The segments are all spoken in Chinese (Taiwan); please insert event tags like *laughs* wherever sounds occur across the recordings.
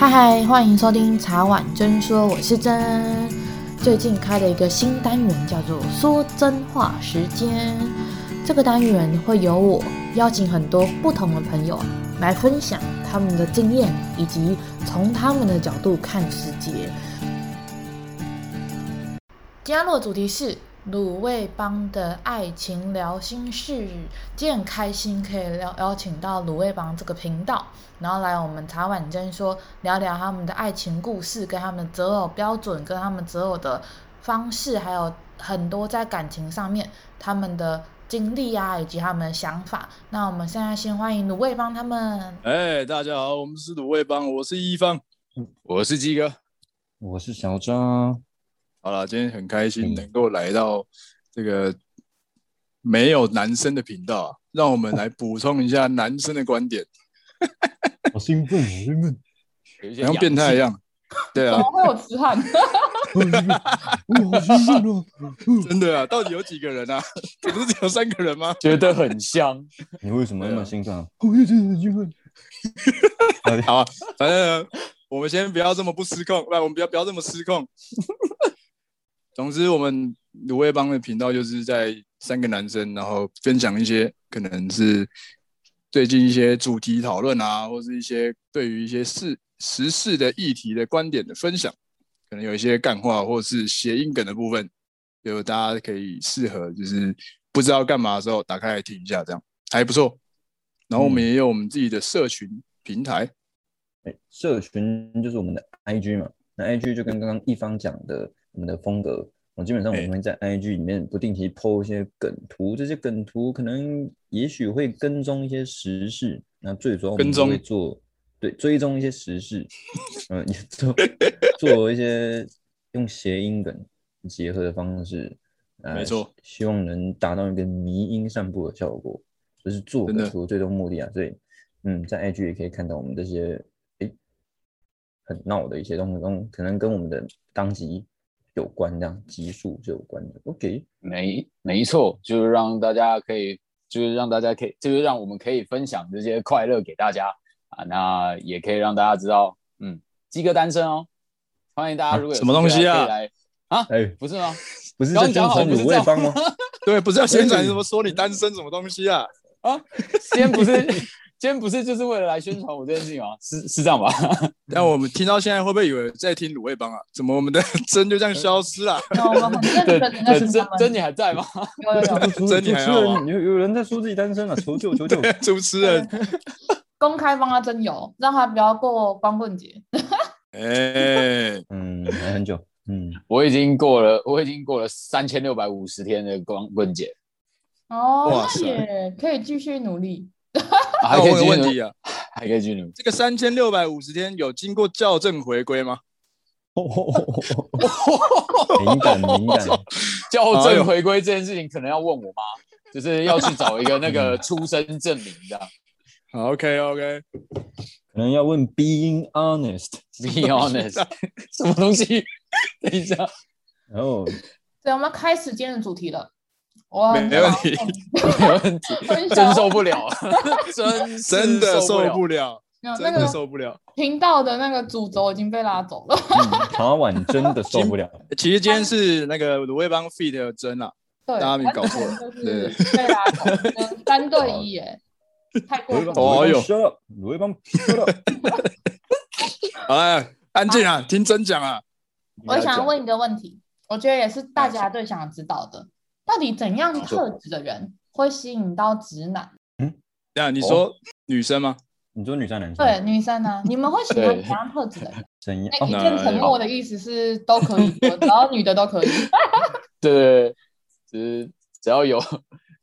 嗨嗨，歡迎收聽《茶碗真說》，我是真。最近開了一個新單元，叫做“說真話時間”。這個單元會由我邀請很多不同的朋友來分享他們的經驗，以及從他們的角度看世界。今天主題是。魯味幫的愛情療心事，今天很開心，可以邀邀請到魯味幫這個頻道，然後來我們茶碗間說聊聊他們的愛情故事、跟他們的擇偶標準、跟他們擇偶的方式，還有很多在感情上面他們的經歷啊，以及他們的想法。那我們現在先歡迎魯味幫他們。哎、hey，大家好，我們是魯味幫，我是一方，我是雞哥，我是小張。好了，今天很開心能夠來到這個沒有男生的頻道，啊，讓我們來補充一下男生的觀點。 *laughs* 好興奮，興、嗯、奮、嗯嗯，像變態一樣。 *laughs* 對啊，我會有癡漢。 *laughs* *laughs* *laughs* *laughs* *laughs* *laughs* *laughs* *laughs* 真的啊，到底有幾個人啊？不 *laughs* 是只有三個人嗎？覺得很香。你為什麼那麼興奮？我也覺得很興奮。好，啊，反正我們先不要這麼不失控。來，我們不要不要這麼失控。 *laughs* 總之，我們魯味幫的頻道就是在三個男生，然後分享一些可能是最近一些主題討論啊，或是一些對於一些時、時事的議題的觀點的分享，可能有一些幹話或是諧音梗的部分，就大家可以適合就是不知道幹嘛的時候打開來聽一下，這樣還不錯。然後我們也有我們自己的社群平台，嗯、社群就是我們的 IG 嘛，那 IG 就跟剛剛一方講的。我們的風格，我基本上我們會在 IG 裡面不定期 po 一些梗圖，欸、這些梗圖可能也許會跟蹤一些時事，那最主要我們會做對追蹤一些時事， *laughs* 嗯，也做做一些用諧音梗結合的方式，呃，希望能達到一個迷因散布的效果，就是做梗圖最終目的啊的。所以，嗯，在 IG 也可以看到我們這些哎、欸、很鬧的一些東西中，可能跟我們的當集。有關這樣激素就有關的，OK，沒沒錯，就是讓大家可以，就是讓大家可以，就是讓我們可以分享這些快樂給大家啊，那也可以讓大家知道，嗯，雞哥單身哦，歡迎大家如果有、啊、什麼東西啊？啊，哎，不是嗎？不、哎、是剛,剛講好有未方嗎？ *laughs* 對，不是要宣傳什麼 *laughs* 說你單身什麼東西啊？啊，先不是。 *laughs* *laughs* 今天不是就是為了來宣傳我這件事情啊？ *laughs* 是是這樣吧？那、嗯、我們聽到現在會不會有人在聽魯味幫啊？怎麼我們的真就這樣消失了？對，真你還在嗎？有有有，真你還在嗎？有有人在說自己單身了，求救求救！主持人，公開幫他徵友，讓他不要過光棍節。哎、 *laughs* 欸， *laughs* 嗯，還很久，嗯， *laughs* 我已經過了，我已經過了三千六百五十天的光棍節。哦，那也可以繼續努力。 *laughs* 還問問題啊？還可以進入這個三千六百五十天有經過校正回歸嗎？敏 *laughs* *laughs* *laughs* 感，敏感，校正回歸這件事情可能要問我媽， *laughs* 就是要去找一個那個出生證明哦，哦 *laughs* *laughs* *laughs* ，OK OK，可能要問 Being honest, Be honest， *laughs* *laughs* 什麼東西？ *laughs* 等一下，哦、oh.，對，我們開始今天的主題了。沒問題，沒問題， *laughs* 真受不了， *laughs* 真的受不了 *laughs* 真的受不了，真的受不了。聽、嗯那個、頻道的那個主軸已經被拉走了，茶 *laughs* 碗、嗯、真的受不了。其實今天是那個魯味幫 feat 真了、啊 *laughs* 大家別搞錯了，對啊，三對一耶， *laughs* 太過分了。魯味幫 s 哎，安靜啊，聽真講啊。我想要問一個問題，我覺得也是大家最想要知道的。到底怎樣特質的人會吸引到直男？嗯，這樣你說女生嗎、哦？你說女生男生？對，女生呢、啊？你們會喜歡怎樣特質的人、 *laughs* 欸？怎樣？一陣沉默的意思是都可以的， *laughs* 然後女的都可以。 *laughs* 對，只只要有，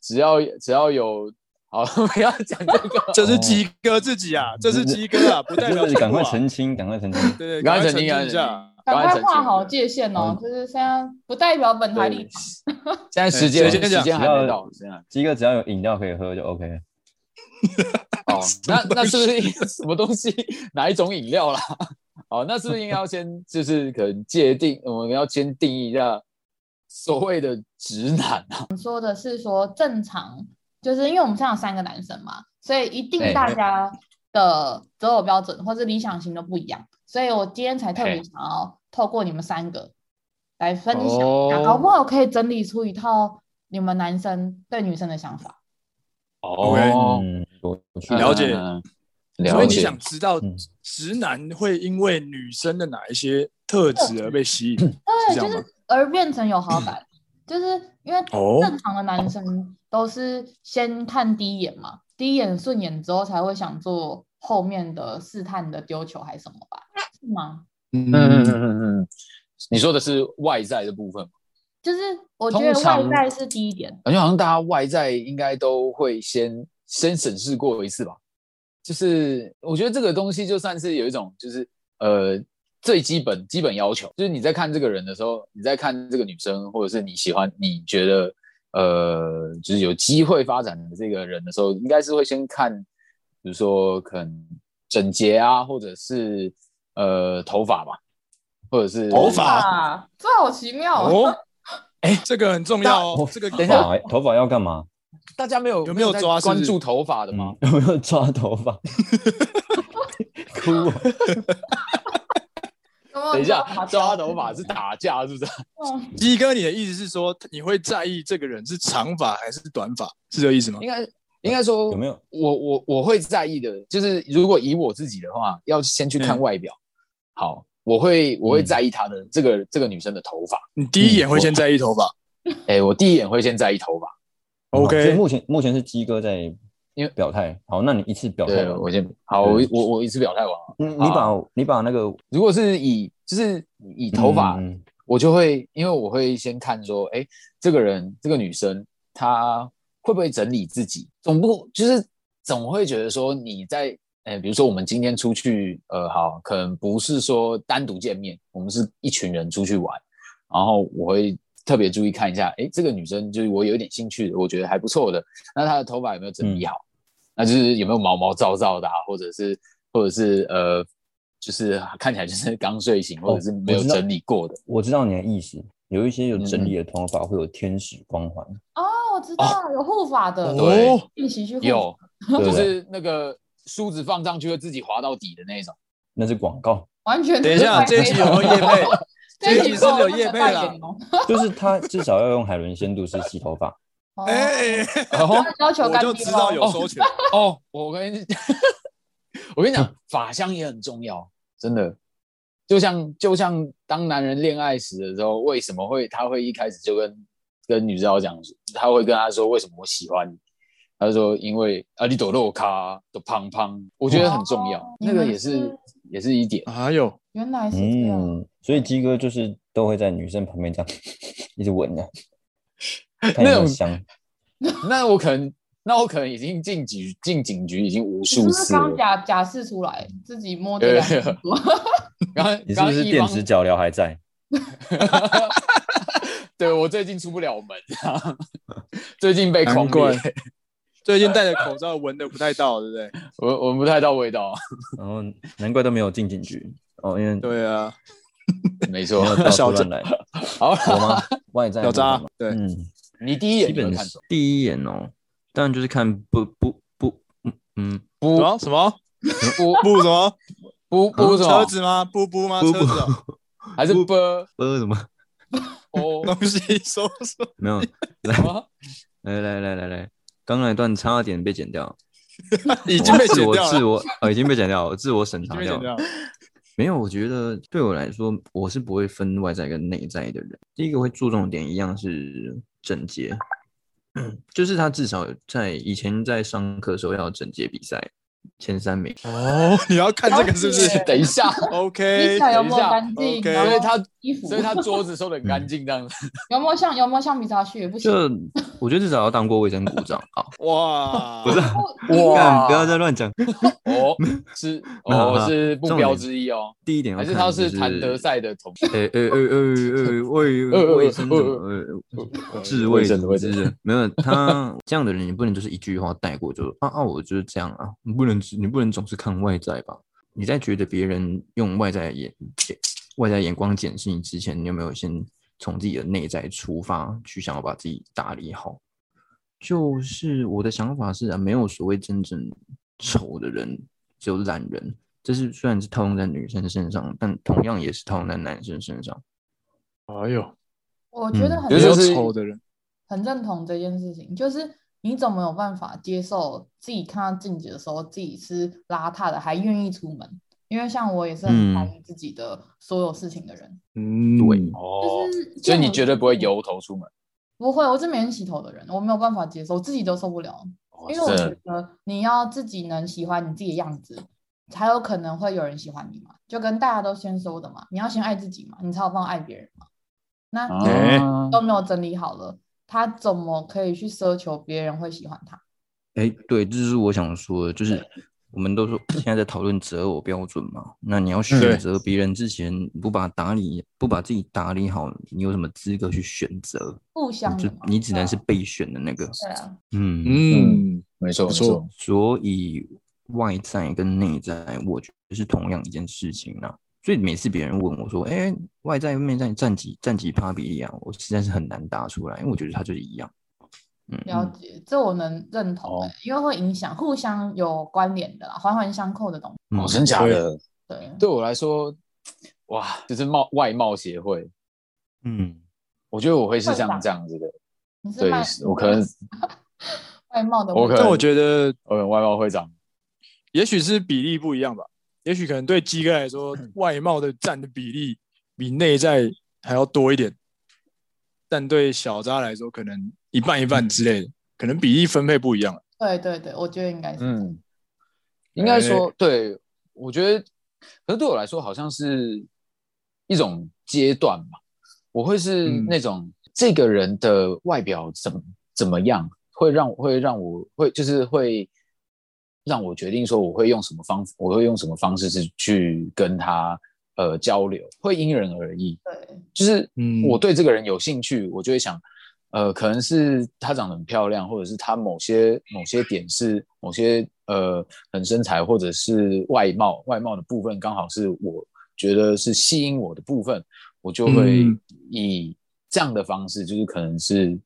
只要只要有，好，不要講這個， *laughs* 這是雞哥自己啊，哦、這是雞哥 *laughs* 啊，不代表你趕、就是、快澄清，趕快澄清，對，對，對，趕快澄清一下。趕快澄清一下趕快畫好界限哦！就是現在不代表本台立、嗯、現在時間 *laughs* 時間還沒到，基哥只，只要有飲料可以喝就 OK 了。 *laughs* 哦，那那是不是，是什麼東西？ *laughs* 哪一種飲料啦？哦，那是不是應該要先就是可能界定 *laughs* 我們要先定義一下所謂的直男啊？說的是說正常，就是因為我們現在有三個男生嘛，所以一定大家的擇偶標準或者理想型都不一樣。所以我今天才特別想要透過你們三個來分享、hey. 啊，搞不好可以整理出一套你們男生對女生的想法。哦、oh. okay. 嗯，了解、嗯，了解。所以你想知道直男會因為女生的哪一些特質而被吸引對？對，就是而變成有好感， *coughs* 就是因為正常的男生都是先看第一眼嘛，oh. Oh. 第一眼順眼之後才會想做。後面的試探的丟球還是什麼吧？是嗎？嗯嗯嗯嗯嗯，你說的是外在的部分嗎？就是我覺得外在是第一點，感覺好像大家外在應該都會先先審視過一次吧。就是我覺得這個東西就算是有一種就是呃最基本基本要求，就是你在看這個人的時候，你在看這個女生，或者是你喜歡你覺得呃就是有機會發展的這個人的時候，應該是會先看。比如說，可能整潔啊，或者是呃頭髮吧，或者是頭髮、啊，這好奇妙、啊、哦！哎、欸，這個很重要哦。這個等一下、哦，頭髮要幹嘛？大家沒有有沒有抓關注頭髮的嗎、嗯？有沒有抓頭髮？哭！ *laughs* *laughs* *laughs* *laughs* *laughs* *laughs* 等一下，抓頭髮是打架是不是？雞、嗯、哥，你的意思是說你會在意這個人是長髮還是短髮？是這個意思嗎？應該。應該說有沒有我我我會在意的，就是如果以我自己的話，要先去看外表。嗯、好，我會我會在意她的這個、嗯、這個女生的頭髮。你第一眼會先在意頭髮？哎、 *laughs* 欸，我第一眼會先在意頭髮。OK，、嗯、目前目前是雞哥在因為表態。好，那你一次表態。對，我先好，我我一次表態完。嗯，你把你把那個，如果是以就是以頭髮、嗯，我就會因為我會先看說，哎、欸，這個人這個女生她。會不會整理自己？總不，就是總會覺得說你在，誒、欸、比如說我們今天出去，呃，好，可能不是說單獨見面，我們是一群人出去玩，然後我會特別注意看一下，哎、欸，這個女生就是我有點興趣，我覺得還不錯的，那她的頭髮有沒有整理好，嗯？那就是有沒有毛毛躁躁的，啊，或者是或者是呃，就是看起來就是剛睡醒，哦、或者是沒有整理過的。我知道，我知道你的意思。有一些有整理的頭髮會有天使光環 *noise* 哦，我知道有護髮的，一起去有對對，就是那個梳子放上去會自己滑到底的那種，那是廣告。完全等一下，這集有業配 *laughs* ，這集是有業配了，就是他至少要用海倫仙度絲洗頭髮，哎，然 *noise* 後、 *noise* 哦、 *noise* 我就知道有收錢 *laughs* 哦。我跟， *laughs* 我跟你講，我跟你講，髮香也很重要，真的。就像就像當男人戀愛時的時候，為什麼會他會一開始就跟跟女生講，他會跟她說為什麼我喜歡你？他說因為啊，你抖我卡的胖胖，我覺得很重要，那個也是也是一點。還有原來是這樣，嗯、所以雞哥就是都會在女生旁邊這樣一直聞的、啊， *laughs* 那種香。那我可能那我可能已經進警進警局已經無數次了。剛剛假假釋出來，自己摸的。 *laughs* *laughs* 剛剛你是不是電子腳鐐還在？剛剛 *laughs* 對，我最近出不了門，啊、最近被封關，最近戴着口罩聞得不太到，對不對？我聞不太到味道。然後難怪都沒有進警局 *laughs* 哦，因為對啊，沒錯，小渣， *laughs* 好， *laughs* 好嗎，外在小渣，對、嗯，你第一眼第一眼哦，當然就是看不不不，嗯不。什麼什麼，什麼不 *laughs* 不什麼。不，不，不，麼車子嗎？不，不嗎？噗噗車子、喔、還是不。不，什麼？哦，東西說說沒有來來來來來，剛剛一段差點被剪掉， *laughs* 已經被剪掉、啊，已經被剪掉。自我呃已經被剪掉了，自我審查掉，掉。沒有，我覺得對我來說，我是不會分外在跟內在的人。第一個會注重的點一樣是整潔， *laughs* 就是他至少在以前在上課的時候要整潔比賽。前三名哦，你要看這個是不是？啊、等一下，OK，等一下，OK，因為他。Okay. 因為他所以他桌子收的很乾淨，這樣子有沒有像 *laughs* 有沒有像米扎旭？這我覺得至少要當過衛生股長啊！哇，不是哇看！不要再亂講 *laughs* 哦，是哦，好好是目標之一哦。第一點還是他是譚德賽的同學。呃呃呃呃呃衛衛生呃治衛生的衛生衛沒有他 *laughs* 這樣的人你不能就是一句話帶過就啊啊我就是這樣啊，你不能你不能總是看外在吧？你在覺得別人用外在眼。外在眼光檢視你之前，你有沒有先從自己的內在出發，去想要把自己打理好？就是我的想法是啊，沒有所謂真正醜的人，只有懶人。這是雖然是套用在女生身上，但同樣也是套用在男生身上。哎呦，我覺得很、嗯、就是醜的人，很認同這件事情。就是你怎麼有辦法接受自己看到鏡子的時候，自己是邋遢的，還願意出門？因為像我也是很在意自己的所有事情的人，嗯，嗯、對，哦，所以你絕對不會油頭出門？不會，我是每天洗頭的人，我沒有辦法接受，我自己都受不了了，因為我覺得你要自己能喜歡你自己的樣子，才有可能會有人喜歡你嘛，就跟大家都先說的嘛，你要先愛自己嘛，你才有辦法愛別人嘛。那都沒有整理好了，他怎麼可以去奢求別人會喜歡他？哎、欸，對，這就是我想說的，就是。 *coughs* 我們都說現在在討論擇偶標準嘛，那你要選擇別人之前，不把打理、嗯、不把自己打理好，你有什麼資格去選擇？互相你，你只能是被選的那個。是啊，嗯嗯，沒、嗯、錯沒錯。所以外在跟內在，我覺得是同樣一件事情啊、嗯。所以每次別人問我說，哎、欸，外在跟內在占幾占幾趴比例啊？我實在是很難答出來，因為我覺得它就是一樣。了解，這我能認同、哦，因為會影響，互相有關聯的啦，環環相扣的東西。哦，真假的對？對，對我來說，哇，就是貿外貌協會，嗯，我覺得我會是像這樣子、這、的、個，對，我可能外貌的。但我覺得呃，外貌會長，也許是比例不一樣吧，也許可能對雞哥來說， *laughs* 外貌的占的比例比內在還要多一點。但對小渣來說，可能一半一半之類的，嗯、可能比例分配不一樣。對對對，我覺得應該是。嗯，應該說、哎、對。我覺得，可能對我來說，好像是一種階段吧。我會是那種、嗯，這個人的外表怎怎麼樣，會讓會讓我會就是會讓我決定說，我會用什麼方，我會用什麼方式是去跟他。呃，交流會因人而異。對，就是，我對這個人有興趣、嗯，我就會想，呃，可能是她長得很漂亮，或者是她某些某些點是某些呃，很身材，或者是外貌，外貌的部分剛好是我覺得是吸引我的部分，我就會以這樣的方式，嗯、就是可能是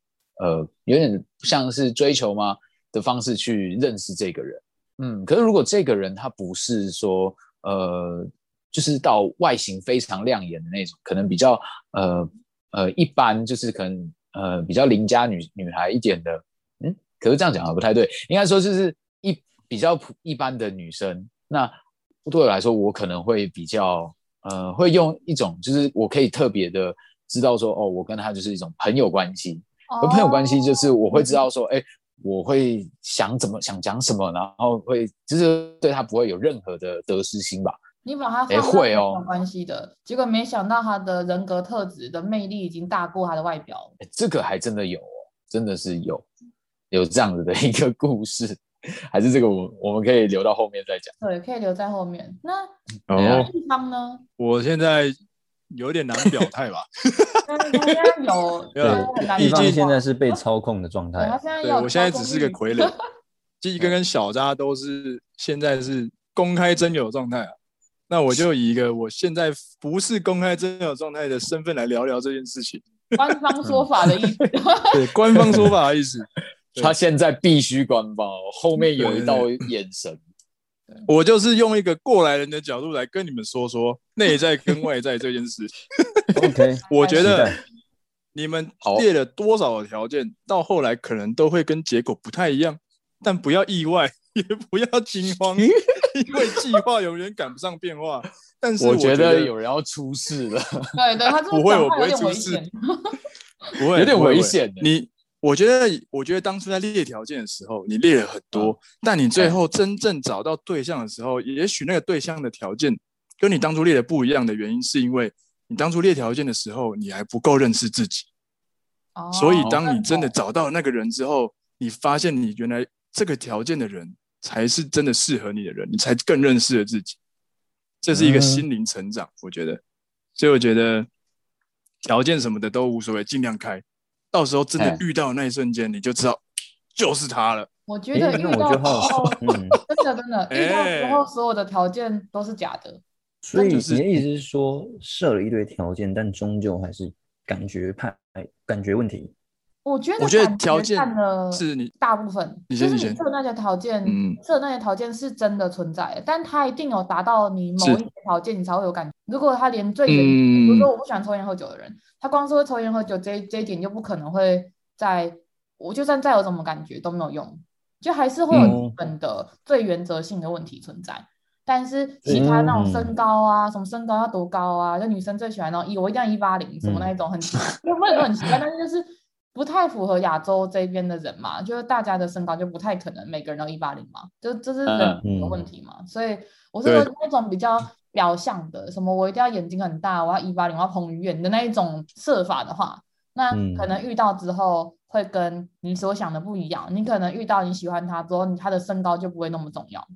呃，有點像是追求嗎的方式去認識這個人。嗯，可是如果這個人他不是說，呃。就是到外形非常亮眼的那種，可能比較呃呃一般，就是可能呃比較鄰家女女孩一點的，嗯，可是這樣講的不太對，應該說就是一比較普一般的女生。那對我來說，我可能會比較呃會用一種，就是我可以特別的知道說，哦，我跟她就是一種朋友關係，而朋友關係就是我會知道說，哎、oh. 欸，我會想怎麼想講什麼，然後會就是對她不會有任何的得失心吧。你把 *music* 他、欸、會哦，沒關係的。結果沒想到他的人格特質的魅力已經大過他的外表、欸。這個還真的有、哦，真的是有有這樣子的一個故事， *laughs* 還是這個我們我們可以留到後面再講。對，可以留在後面。那、哦、一方呢？我現在有點難表態吧。 *laughs* *laughs* *laughs* 在有， *laughs* *laughs* 有，對，畢竟現在是被操控的狀態、啊。 *laughs* *laughs* 對，我現在只是個傀儡。繼 *laughs* 哥跟小渣都是現在是公開徵友狀態啊。那我就以一個我現在不是公開徵友狀態的身份來聊聊這件事情。 *laughs* 官，方 *laughs* *laughs* 官方說法的意思，對，官方說法的意思，他現在必須官方。後面有一道眼神對對對，我就是用一個過來人的角度來跟你們說說 *laughs* 內在跟外在這件事情。 *laughs* OK， *laughs* 我覺得你們列了多少條件，到後來可能都會跟結果不太一樣，但不要意外，也不要驚慌， *laughs* 因為計劃永遠趕不上變化。 *laughs* 但是我覺，我覺得有人要出事了。 *laughs* 對對是不，是不會，我不會出事，不會，有點危險。 *laughs* 你，我覺得，我覺得當初在列條件的時候，你列了很多，嗯，但你最後真正找到對象的時候，嗯，也許那個對象的條件跟你當初列的不一樣的原因，是因為你當初列條件的時候，你還不夠認識自己。哦，所以，當你真的找到那個人之後，嗯，你發現你原來。這個條件的人才是真的適合你的人，你才更認識了自己。這是一個心靈成長，嗯、我覺得。所以我覺得條件什麼的都無所謂，盡量開。到時候真的遇到的那一瞬間，哎，你就知道就是他了。我覺得遇到，嗯， *laughs* 真的真的，遇到時候所有的條件都是假的。哎，就是，所以你的意思是說，設了一堆條件，但終究還是感覺派，感覺問題。我覺得條件是 *music* 大部分，是你你你就是你設那些條件，設、嗯、那些條件是真的存在的，但他一定有達到你某一些條件，你才會有感覺。如果他連最、嗯，比如說我不喜歡抽煙喝酒的人，他光是會抽煙喝酒這一這一點就不可能會在我，就算再有什麼感覺都沒有用，就還是會有基本的最原則性的問題存在、嗯。但是其他那種身高啊，嗯、什麼身高要、啊、多高啊，就女生最喜歡那一、e, 我一定要一八零什麼那一種，嗯、很為什麼很奇怪，但是就是。不太符合亞洲這邊的人嘛，就是大家的身高就不太可能每個人都一八零嘛，就這是人的問題嘛、啊嗯。所以我是說那種比較表象的，什麼我一定要眼睛很大，我要一八零，我要捧魚眼的那一種設法的話，那可能遇到之後會跟你所想的不一樣。嗯、你可能遇到你喜歡他之後，他的身高就不會那麼重要，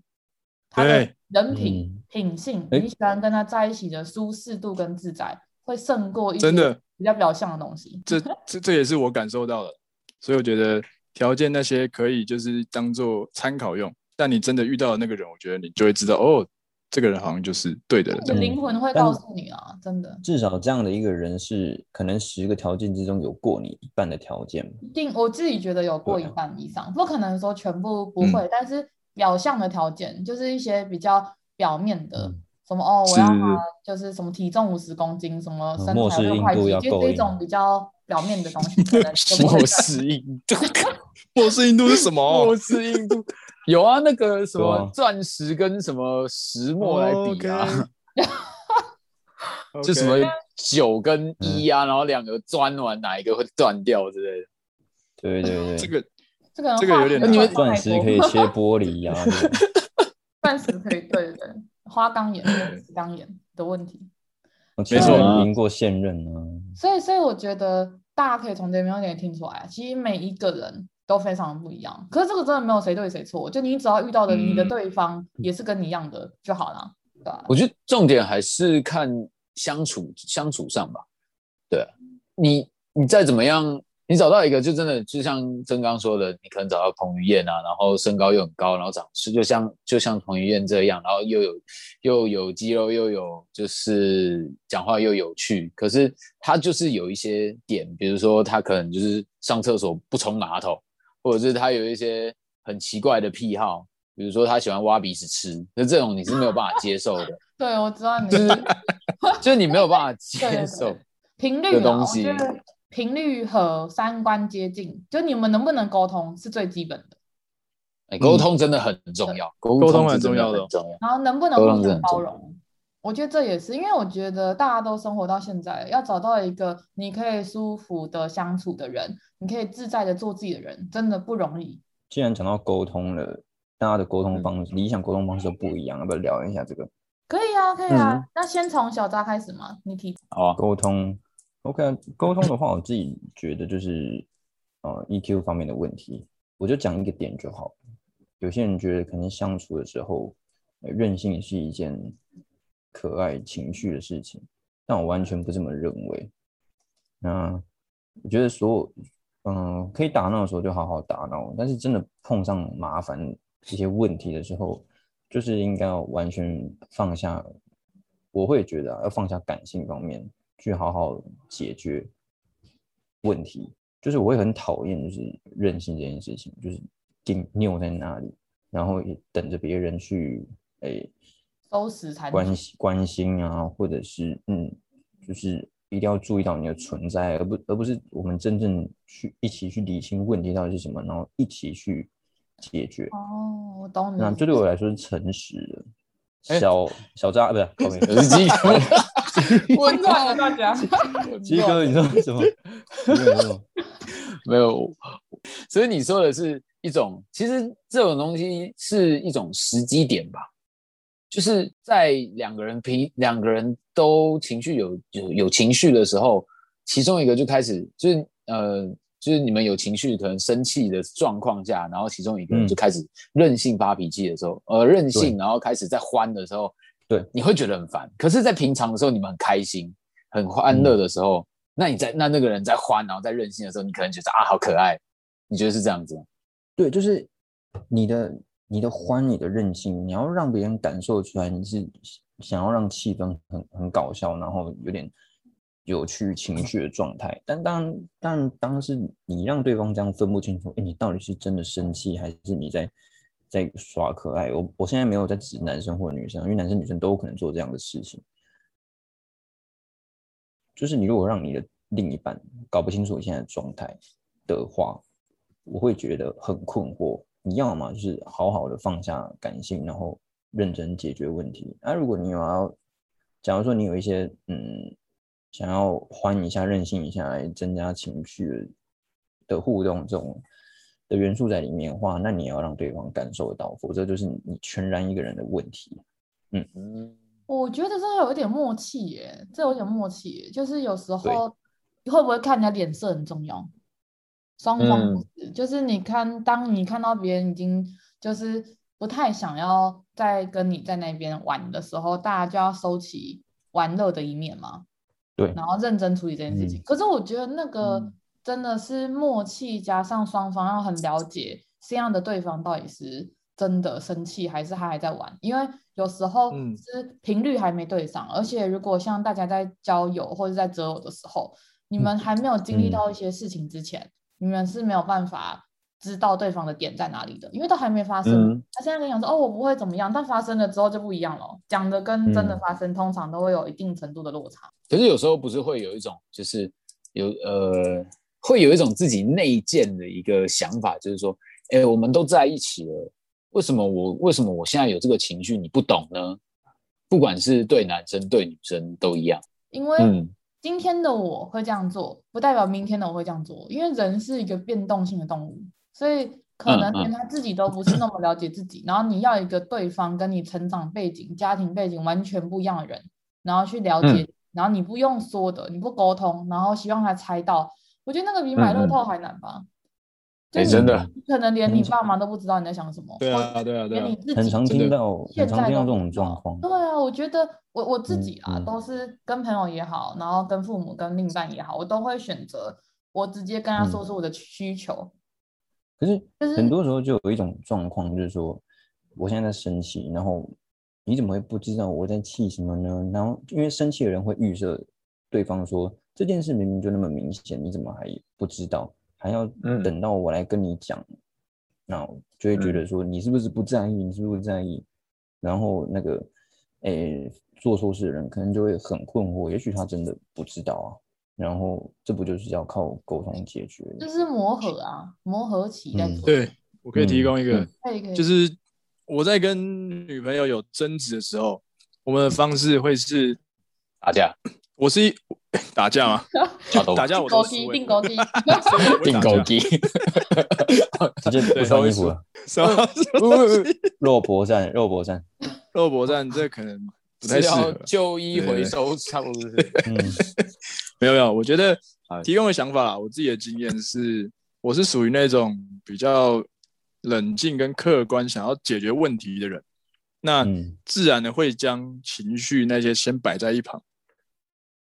他的人品、嗯、品性，你喜歡跟他在一起的舒適度跟自在。欸會勝過一些真的比較表象的東西，這這這也是我感受到的。 *laughs* 所以我覺得條件那些可以就是當做參考用，但你真的遇到的那個人，我覺得你就會知道哦，這個人好像就是對的。嗯、對，靈魂會告訴你啊，真的。至少這樣的一個人是可能十個條件之中有過你一半的條件，一定我自己覺得有過一半以上，不可能說全部不會、嗯。但是表象的條件就是一些比較表面的。嗯什麼哦？我要把就是什麼體重五十公斤是，什麼身材六塊肌、嗯、就是一種比較表面的東西。 *laughs* 莫氏硬度要夠硬 *laughs* 莫氏硬度是什麼、啊？莫氏硬度有啊，那個什麼鑽石跟什麼石墨來比啊？什麼 oh, okay. *laughs* *laughs* 就什麼九跟一啊， *laughs* 然後兩個鑽完哪一個會斷掉之類的？ *laughs* 對，對對對，這個這個這個有點、啊啊、你鑽石可以切玻璃呀、啊，鑽石可以對的。 *laughs* *laughs* *laughs* 花崗岩、石崗岩的問題，沒錯，其實我們贏過現任呢、啊嗯。所以，所以我覺得大家可以從這邊有點聽出來，其實每一個人都非常的不一樣。可是這個真的沒有誰對誰錯，就你只要遇到的你的對方、嗯、也是跟你一樣的、嗯、就好了，對、啊、我覺得重點還是看相處相處上吧。對，你你再怎麼樣。你找到一個，就真的就像曾剛說的，你可能找到彭於晏啊，然後身高又很高，然後長得就像就像彭於晏這樣，然後又有又有肌肉，又有就是講話又有趣，可是他就是有一些點，比如說他可能就是上廁所不沖馬桶，或者是他有一些很奇怪的癖好，比如說他喜歡挖鼻子吃，那這種你是沒有辦法接受的。對，我知道，你是、就是、 *laughs* 就是你沒有辦法接受頻率的東西。頻率和三觀接近，就你們能不能溝通是最基本的。溝通真的很重要，溝通很重要的。的要然後能不能彼此包容，我覺得這也是因為我覺得大家都生活到現在，要找到一個你可以舒服的相處的人，你可以自在的做自己的人，真的不容易。既然講到溝通了，大家的溝通方式、嗯、理想溝通方式都不一樣，要不要聊一下這個？可以啊，可以啊。嗯、那先從小扎開始嗎？你提哦，溝、啊、通。OK 啊，溝通的話，我自己覺得就是，呃，EQ 方面的問題，我就講一個點就好。有些人覺得可能相處的時候，呃、任性是一件可愛情緒的事情，但我完全不這麼認為。那我覺得所有，嗯、呃，可以打鬧的時候就好好打鬧，但是真的碰上麻煩這些問題的時候，就是應該要完全放下。我會覺得、啊、要放下感性方面。去好好解決問題，就是我也很討厭，就是任性這件事情，就是定拗在那裡，然後也等着別人去哎、欸、收拾才關心關心啊，或者是嗯，就是一定要注意到你的存在，而不而不是我們真正去一起去理清問題到底是什麼，然後一起去解決。哦，我懂了。那這對我來說是誠實的，小、欸、小渣、啊、不是？哈哈哈哈知道了，大家。雞哥，你知道為什麼？沒 *laughs* 有， *laughs* 沒有。所以你說的是一種，其實這種東西是一種時機點吧，就是在兩個人脾兩個人都情緒有有有情緒的時候，其中一個就開始，就是呃，就是你們有情緒，可能生氣的狀況下，然後其中一個人就開始任性發脾氣的時候，呃、嗯，而任性，然後開始在歡的時候。對，你會覺得很煩。可是，在平常的時候，你們很開心、很歡樂的時候，嗯、那你在那那個人在歡，然後在任性的時候，你可能覺得啊，好可愛。你覺得是這樣子嗎？對，就是你的、你的歡、你的任性，你要讓別人感受出來，你是想要讓氣氛很很搞笑，然後有點有趣、情緒的狀態。但當然，但當是你讓對方這樣分不清楚，哎、欸，你到底是真的生氣，還是你在。在耍可愛，我我現在沒有在指男生或女生，因為男生女生都有可能做這樣的事情。就是你如果讓你的另一半搞不清楚你現在狀態的話，我會覺得很困惑。你要麼就是好好的放下感性，然後認真解決問題。那、啊、如果你有要，假如說你有一些嗯想要歡一下、任性一下來增加情緒的互動這種。的元素在裡面的話，那你也要讓對方感受到，否則就是你全然一個人的問題。嗯，我覺得這有一點默契耶，這有點默契，就是有時候會不會看人家臉色很重要。雙方、嗯、就是你看，當你看到別人已經就是不太想要再跟你在那邊玩的時候，大家就要收起玩樂的一面嘛。對，然後認真處理這件事情。嗯、可是我覺得那個。嗯真的是默契加上雙方要很了解，是這樣的，對方到底是真的生氣還是他還在玩，因為有時候是頻率還沒對上、嗯，而且如果像大家在交友或者在擇偶的時候，你們還沒有經歷到一些事情之前、嗯嗯，你們是沒有辦法知道對方的點在哪裡的，因為都還沒發生。他現在跟你講說哦，我不會怎麼樣，但發生了之後就不一樣了，講的跟真的發生、嗯、通常，都會有一定程度的落差。可是有時候不是會有一種就是有呃。會有一種自己內建的一個想法，就是說，哎，我們都在一起了，為什麼我為什麼我現在有這個情緒你不懂呢？不管是對男生對女生都一樣，因為今天的我會這樣做，嗯，不代表明天的我會這樣做，因為人是一個變動性的動物，所以可能連他自己都不是那麼了解自己，嗯。然後你要一個對方跟你成長背景，嗯，家庭背景完全不一樣的人，然後去了解，嗯，然後你不用說的，你不溝通，然後希望他猜到。我覺得那個比買樂透還難吧，嗯嗯，就是你可能連你爸媽都不知道你在想什麼？欸嗯、對啊，對啊，對啊。你自己自己很常聽到，很常聽到這種狀況。對啊，我覺得我我自己啊嗯嗯，都是跟朋友也好，然後跟父母、跟另一半也好，我都會選擇我直接跟他說出我的需求。嗯、就是、可是很多時候就有一種狀況，就是說我現在在生氣，然後你怎麼會不知道我在氣什麼呢？然後因為生氣的人會預設對方說。這件事明明就那麼明顯，你怎麼還不知道？還要等到我來跟你講，嗯、那我就會覺得說、嗯、你是不是不在意？你是不是不在意？然後那個誒做錯事的人可能就會很困惑，也許他真的不知道啊。然後這不就是要靠溝通解決？這是磨合啊，磨合期在、嗯。對，我可以提供一個、嗯，就是我在跟女朋友有爭執的時候，我們的方式會是打架。我是一打架嗎？啊、打架我， *laughs* 我一架、啊、 *laughs* *laughs* 是一定高低，定高低。這件什麼意思？什麼？肉搏戰，肉搏戰，肉搏戰，這可能不太適合。舊衣回收，差不多是。 *laughs* 嗯、 *laughs* 沒有沒有，我覺得提供的想法，我自己的經驗是，我是屬於那種比較冷靜跟客觀，想要解決問題的人，那自然的會將情緒那些先擺在一旁。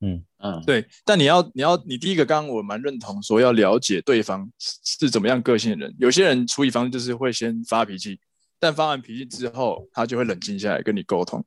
嗯嗯，對，但你要你要你第一個，剛剛我蠻認同說要了解對方是怎麼樣個性的人。有些人處理方式就是會先發脾氣，但發完脾氣之後，他就會冷靜下來跟你溝通。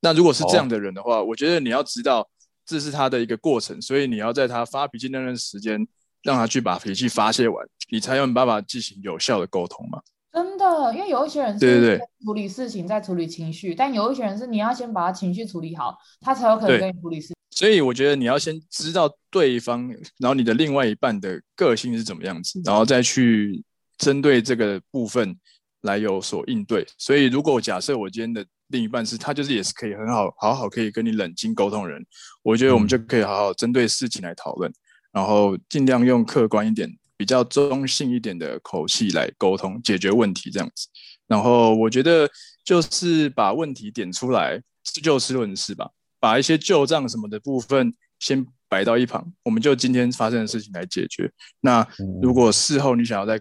那如果是這樣的人的話，哦，我覺得你要知道這是他的一個過程，所以你要在他發脾氣那段時間，讓他去把脾氣發泄完，你才有辦法進行有效的溝通嘛。真的，因為有一些人是對對處理事情對對對再處理情緒，但有一些人是你要先把他情緒處理好，他才有可能跟你處理事情。所以我覺得你要先知道對方，然後你的另外一半的個性是怎麼樣子，然後再去針對這個部分來有所應對。所以如果假設我今天的另一半是他，就是也是可以很好，好好可以跟你冷靜溝通人，我覺得我們就可以好好針對事情來討論，嗯、然後盡量用客觀一點，比較中性一點的口氣來溝通解決問題這樣子。然後我覺得就是把問題點出來，就事論事吧。把一些舊賬什麼的部分先擺到一旁，我們就今天發生的事情來解決。那如果事後你想要再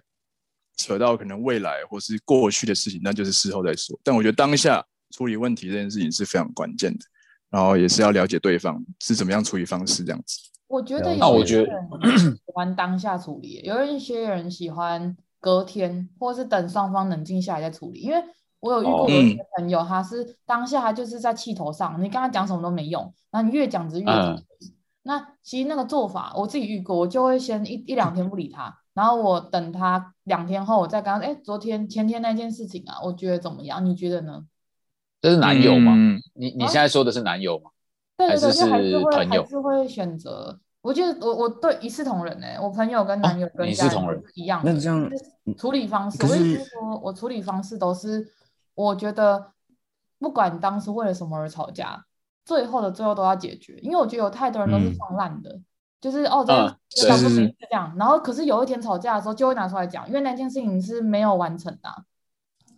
扯到可能未來或是過去的事情，那就是事後再說。但我覺得當下處理問題這件事情是非常關鍵的，然後也是要了解對方是怎麼樣處理方式這樣子。我覺得，那我覺得有一些人喜歡當下處理，有一些人喜歡隔天或是等雙方冷靜下來再處理，因為我有遇過有些朋友他是是、哦嗯，他是當下就是在氣頭上，你跟他講什麼都沒用，然後你越講就越、嗯、那其實那個做法，我自己遇過，我就會先一一兩天不理他，然後我等他兩天後，我再跟他。哎，昨天前天那件事情啊，我覺得怎麼樣？你覺得呢？這是男友嗎？嗯、你你現在說的是男友嗎？啊、對對對對，還是是朋友？還是會，還是會選擇？我覺得我我對一視同仁呢、欸，我朋友跟男友跟一視、哦、同仁一樣。那這樣、就是、處理方式，我一直說我處理方式都是。我覺得不管當時為了什麼而吵架，最後的最後都要解決，因為我覺得有太多人都是放爛的、嗯，就是哦，這件事情是這樣是。然後可是有一天吵架的時候就會拿出來講，因為那件事情是沒有完成的、啊，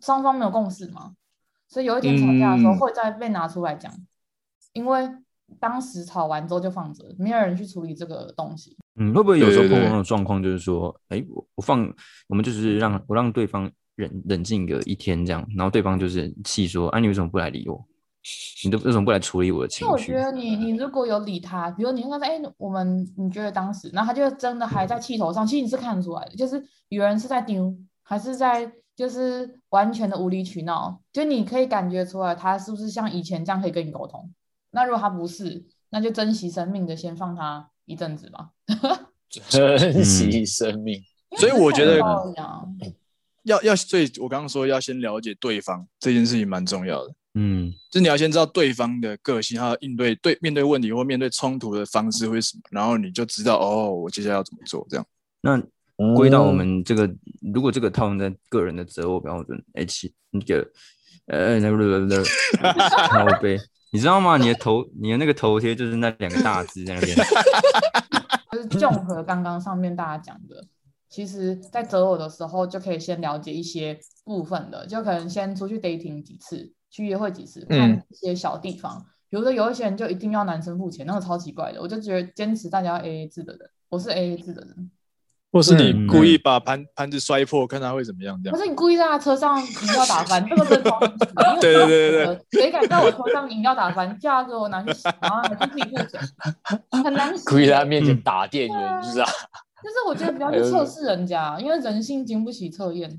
雙方沒有共識嘛，所以有一天吵架的時候會再被拿出來講、嗯，因為當時吵完之後就放着，沒有人去處理這個東西。嗯，會不會有時候有那種狀況，就是說，哎、欸，我放，我們就是讓我讓對方。忍冷靜個一天這樣，然後對方就是氣說：“啊，你為什麼不來理我？你都為什麼不來處理我的情緒？”那我覺得你你如果有理他，比如說你說說哎，我們你覺得當時，然後他就真的還在氣頭上、嗯，其實你是看得出來的，就是有人是在丟，還是在就是完全的無理取鬧，就你可以感覺出來他是不是像以前這樣可以跟你溝通？那如果他不是，那就珍惜生命的，先放他一陣子吧。 *laughs* 珍惜生命、嗯，所以我覺得。要要以我剛剛說要先了解對方這件事情蠻重要的，嗯，就是你要先知道對方的個性，他應對對面對問題或面對衝突的方式會什麼，然後你就知道哦，我接下來要怎麼做這樣。那歸到我們這個，如果這個套用在個人的擇偶標準，H 那個呃那個那個，超杯，你知道嗎？你的頭，你的那個頭貼就是那兩個大字在那邊，就是綜合剛剛上面大家講的。其實，在擇偶的時候，就可以先了解一些部分的，就可能先出去 dating 幾次，去約會幾次，看一些小地方。嗯、比如說，有一些人就一定要男生付錢，那個超奇怪的。我就覺得，堅持大家要 AA 制的人，我是 AA 制的人。或是你故意把盤盤子摔破，看他會怎麼樣這樣？可、嗯、是你故意在他車上飲料打翻，這個瘋狂！對對對對對，誰敢在我車上飲料打翻，嫁給我拿去洗啊？就自己負責， *laughs* 很難洗。故意在他面前打電源，你知道？ *laughs* 就是我覺得不要去測試人家、哎，因為人性經不起測驗。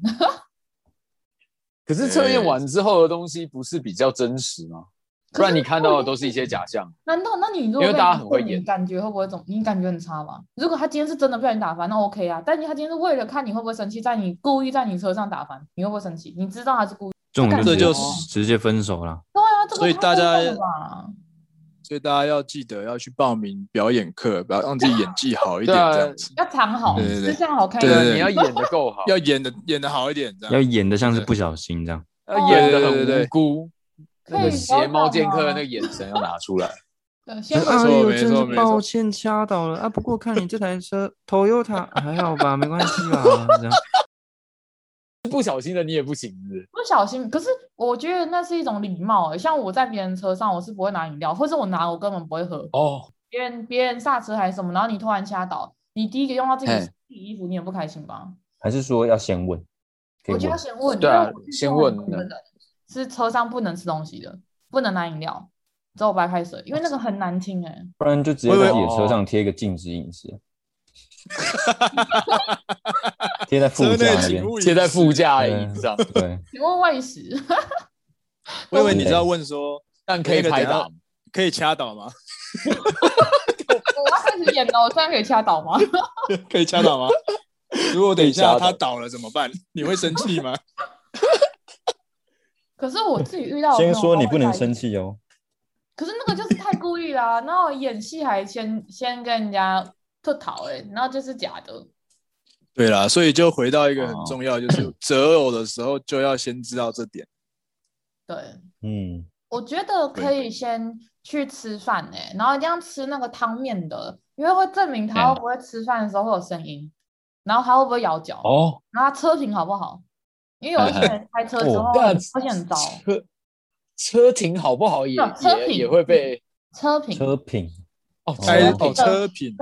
*laughs* 可是測驗完之後的東西不是比較真實嗎？不然你看到的都是一些假象。難道那你，如果你因為大家很會演，感覺會不會怎麼？你感覺很差嗎？如果他今天是真的不小心打翻，那 OK 啊。但你他今天是為了看你會不會生氣，在你故意在你車上打翻，你會不會生氣？你知道他是故意。這種就感覺就直接分手了。對啊，這個、所以大家。所以大家要記得要去報名表演課，不要讓自己演技好一點這樣子，要藏好，形象好看，對對對，你要演得夠好， *laughs* 要演得演得好一點這樣，要演得像是不小心這樣，要演得很無辜，那個鞋貓劍客那個眼神要拿出來。哎、欸啊、呦，真是抱歉，掐到了啊！不過看你這台車 Toyota，還好吧？沒關係吧？ *laughs* 這樣。不小心的你也不行是不是，不小心。可是我覺得那是一種禮貌哎、欸，像我在別人車上，我是不會拿飲料，或者我拿我根本不會喝。哦、oh.，別人別人煞車還是什麼，然後你突然掐倒，你第一個用到自己衣服，hey. 你也不開心吧？還是說要先問？問我覺得要先問，對、啊對啊，先問是車上不能吃東西的，不能拿飲料，只有白開水，因為那個很難聽哎、欸，不然就直接在自己的車上貼一個禁止飲食。 *laughs* *laughs* 貼在副駕，貼在副駕、嗯、你知道對，請問外食？我以為你知道問說 *laughs* 但，但可以拍到，可以掐倒嗎？我要開始演了，我真的可以掐倒嗎？ *laughs* 可以掐倒嗎？ *laughs* 倒嗎？ *laughs* 如果等一下他倒了怎麼辦？ *laughs* 你會生氣嗎？ *laughs* 可是我自己遇到有有先說你不能生氣哦。可是那個就是太故意啦、啊， *laughs* 然後演戲還先先跟人家吐槽哎，然後這是假的。對啦，所以就回到一個很重要，就是擇偶的時候就要先知道這點。哦、對，嗯，我覺得可以先去吃飯誒、欸，然後這樣吃那個湯麵的，因為會證明他會不會吃飯的時候會有聲音，嗯、然後他會不會咬腳、哦，然後他車品好不好？因為有一些人開車的時候，而、嗯、且很糟車。車停好不好也車也，也會被車品車品哦，車品、哎、對，對車，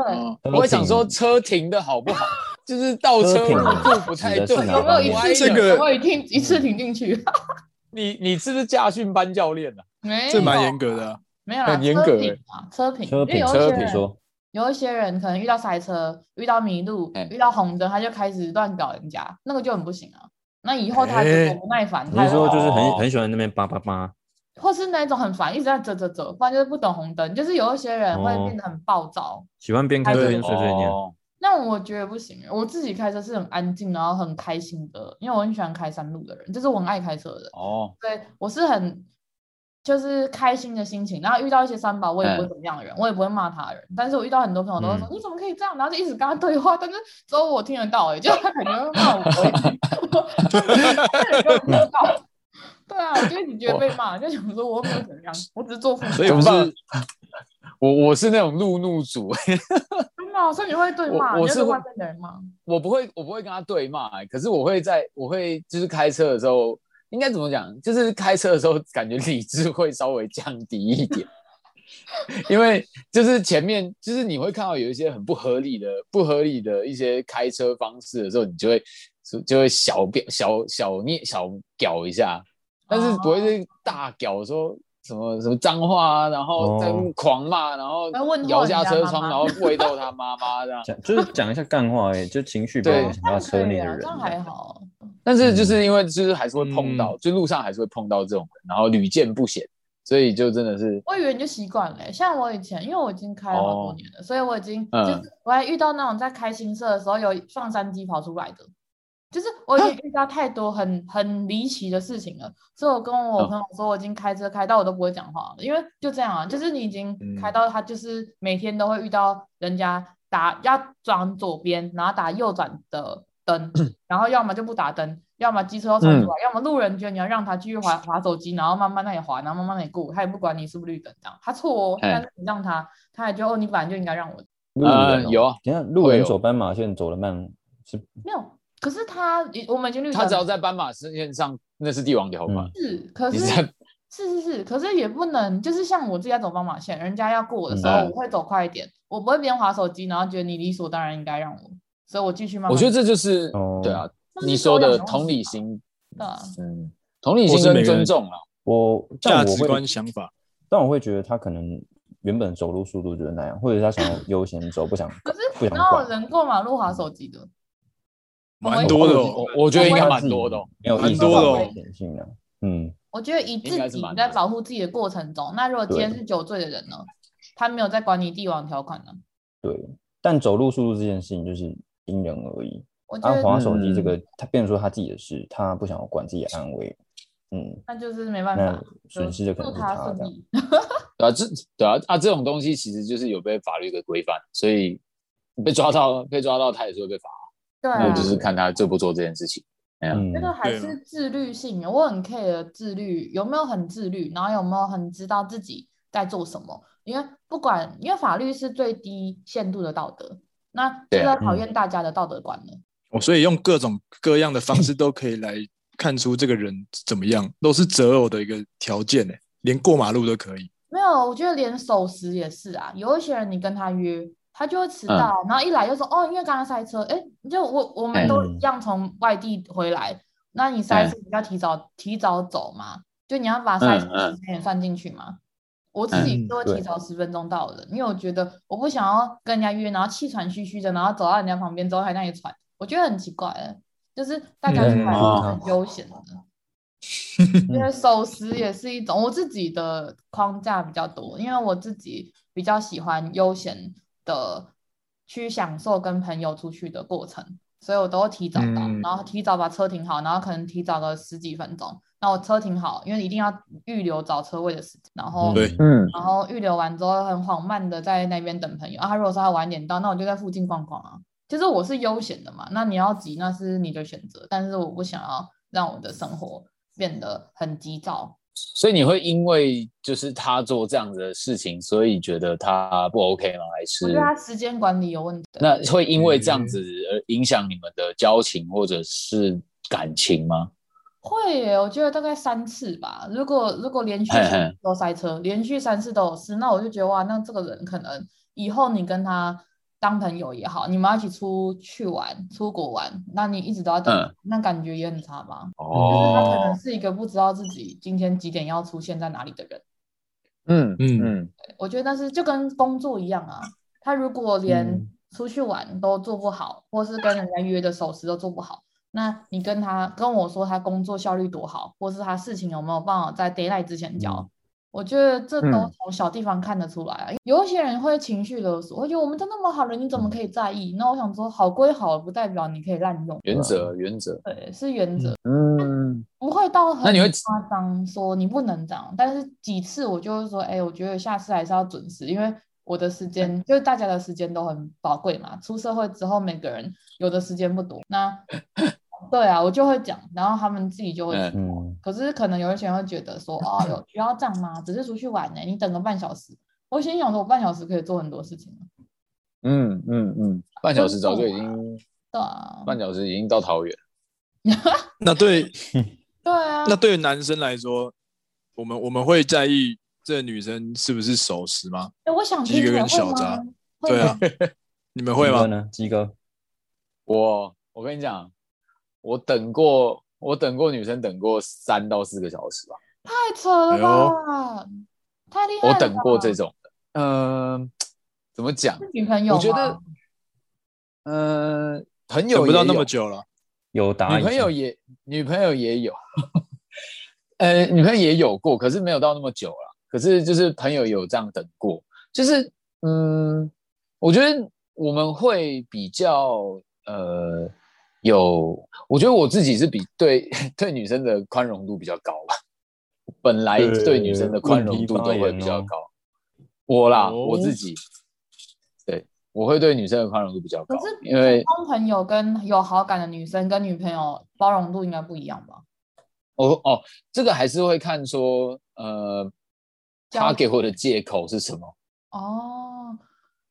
我會想說車停的好不好。 *laughs* 就是倒車入庫不太對， *laughs* 有沒有一次有這個我一聽一次停進去。 *laughs* 你你是不是駕訓班教練吶、啊？沒有，這蠻嚴格的、啊。沒有啦，車品嘛，車品。車品車品有一些人可能遇到塞車，遇到迷路、欸，遇到紅燈，他就開始亂搞人家，那個就很不行啊。那以後他就不耐煩，有時候就是很、哦、很喜歡那邊叭叭叭，或是那一種很煩，一直在走走走，不然就是不等紅燈，就是有一些人會變得很暴躁，喜歡邊開車邊碎碎念。但我覺得不行，我自己開車是很安靜，然後很開心的，因為我很喜歡開山路的人，就是我很愛開車的人。哦，對，我是很就是開心的心情，然後遇到一些三寶、嗯，我也不會怎麼樣的人，我也不會罵他的人。但是我遇到很多朋友都會說、嗯，你怎麼可以這樣？然後就一直跟他對話，但是說我聽得到、欸，哎、欸，叫他肯定會罵我。哈哈哈對啊，就是你覺得被罵，就講說我會怎麼樣？我只是做，怎麼辦？ *laughs* 我我是那種怒怒族、欸。 *laughs* 哦，所以你會對罵，我是會被人罵。我不會，我不會跟他對罵。可是我會在，我會就是開車的時候，應該怎麼講？就是開車的時候，感覺理智會稍微降低一點。 *laughs* 因為就是前面，就是你會看到有一些很不合理的、不合理的一些開車方式的時候，你就會就會小表小小念小屌一下，但是不會是大屌說。哦什麼什麼髒話啊，然後狂罵、oh. 然後，然後搖下車窗，然後威到他媽媽這樣 *laughs* 講，就是講一下幹話哎、欸，就情緒爆發車裡的人、啊，這樣還好。但是就是因為就是還是會碰到，嗯、就路上還是會碰到這種人、嗯，然後屢見不鮮，所以就真的是。我以為你就習慣了、欸，像我以前，因為我已經開了好多年了，oh. 所以我已經、嗯、就是我還遇到那種在開新社的時候有放山雞跑出來的。就是我也遇到太多很很離奇的事情了，所以我跟我朋友說，我已經開車開到我都不會講話了，因為就這樣啊，就是你已經開到他，就是每天都會遇到人家打要轉左邊，然後打右轉的燈，然後要麼就不打燈、嗯，要麼機車要闖出來，嗯、要麼路人覺得你要讓他繼續滑滑手機，然後慢慢那裡滑，然後慢慢那裡過，他也不管你是不是綠燈，這樣他錯、哦，但是你讓他，他也覺得、哦、你本來就應該讓我。嗯、呃哦，有啊，你看路人走斑馬線走的慢是沒有。可是他，我們已經綠。他只要在斑馬線上，那是帝王條款，嗯。是，可是是，是是是，可是也不能，就是像我自己在走斑馬線，人家要過我的時候，我會走快一點，嗯、我不會邊滑手機，然後覺得你理所當然應該讓我，所以我繼續慢，慢。我覺得這就是，哦，對啊是，你說的同理心啊，同理心跟尊重啊，我價值觀想法但，但我會覺得他可能原本走路速度就是那樣，或者他想要悠閒走， *laughs* 不想，不是，然後人過馬路滑手機的。蠻多的，我我覺得應該蠻多的，有很多的可能性。嗯，我覺得以自己在保護自己的過程中，那如果今天是酒醉的人呢，他沒有在管理帝王條款呢？啊？對，但走路速度這件事情就是因人而異。我覺得、啊、滑手機這個，他、嗯、變成說他自己的事，他不想管自己的安危，嗯，那就是沒辦法，損失就可能是他、他 *laughs* 對啊，這，對啊，啊，這種東西其實就是有被法律的規範，所以被抓到、嗯、被抓到台的時候被，他也是會被罰。那我就是看他做不做這件事情，沒有、啊。這個還是自律性，嗯、我很 care 自律、啊、有沒有很自律，然後有沒有很知道自己在做什麼。因為不管，因為法律是最低限度的道德，那就在考驗大家的道德觀了、啊嗯。我所以用各種各樣的方式都可以來看出， *laughs* 看出這個人怎麼樣，都是擇偶的一個條件呢。連過馬路都可以。沒有，我覺得連守時也是啊。有一些人你跟他約。他就會遲到、嗯，然後一來就說哦，因為剛剛塞車，哎、欸，就我我們都一樣從外地回來、嗯，那你塞車比較提早、欸、提早走嘛，就你要把塞車時間也算進去嘛、嗯。我自己都會提早十分鐘到的、嗯，因為我覺得我不想要跟人家約，然後氣喘吁吁的，然後走到人家旁邊之後還在那裡喘，我覺得很奇怪、欸，就是大家很悠閒的，因為守時也是一種我自己的框架比較多，因為我自己比較喜歡悠閒。的去享受跟朋友出去的過程，所以我都會提早到，嗯，然後提早把車停好，然後可能提早個十幾分鐘，那我車停好，因為一定要預留找車位的時間，然後，對，嗯，然後預留完之後很緩慢的在那邊等朋友啊，他如果說他晚點到，那我就在附近逛逛啊，其實我是悠閒的嘛，那你要急那是你的選擇，但是我不想要讓我的生活變得很急躁。所以你會因為就是他做這樣子的事情，所以覺得他不 OK 嗎？還是我覺得他時間管理有問題？那會因為這樣子而影響你們的交情或者是感情嗎？嗯，會欸，我覺得大概三次吧。如果如果連續都塞車， *laughs* 連續三次都有事，那我就覺得哇，那這個人可能以後你跟他。當朋友也好，你們一起出去玩，出國玩，那你一直都在等，嗯，那感覺也很差吧？哦，嗯，就是他可能是一個不知道自己今天幾點要出現在哪裡的人。嗯嗯嗯，我覺得但是就跟工作一樣啊。他如果連出去玩都做不好，嗯，或是跟人家約的守時都做不好，那你跟他跟我說他工作效率多好，或是他事情有沒有辦法在 deadline 之前交？嗯我覺得這都從小地方看得出來啊。嗯、有一些人會情緒勒索，我覺得我們都那麼好了，你怎麼可以在意？嗯、那我想說，好歸好，不代表你可以濫用原則，原則對是原則，嗯，不會到很。那你會誇張說你不能這樣，但是幾次我就是說，哎、欸，我覺得下次還是要準時，因為我的時間、嗯、就是大家的時間都很寶貴嘛。出社會之後，每個人有的時間不多，那。 *laughs* 對啊，我就會講，然後他們自己就會聽、嗯。可是可能有一些人會覺得說：“嗯、哦，有需要這樣嗎？ *laughs* 只是出去玩呢，你等個半小時。”我心想：“我半小時可以做很多事情嗯嗯嗯，半小時早就已經到、啊，半小時已經到桃園。那對，對啊，那對， *laughs* 那對，於 *laughs* 那對於男生來說， *laughs* 我們我們會在意這女生是不是守時嗎？我想是一個人小渣。對啊， *laughs* 你們會嗎？雞哥，我我跟你講。我等過，我等過女生，等過三到四個小時吧。太扯了、哎、太厲害了！我等過這種嗯、呃，怎麼講？女朋友？我覺得，嗯、呃，朋友不到那麼久了，有打女朋友也女朋友也，女朋友也有， *laughs* 呃，女朋友也有過，可是沒有到那麼久了。可是就是朋友有這樣等過，就是嗯、呃，我覺得我們會比較呃。有，我覺得我自己是比對對女生的寬容度比較高吧。本來對女生的寬容度都會比較高，我啦、哦、我自己，對，我會對女生的寬容度比較高。因為，因為朋友跟有好感的女生跟女朋友包容度應該不一樣吧？哦哦，這個還是會看說，呃，他給我的借口是什麼？哦，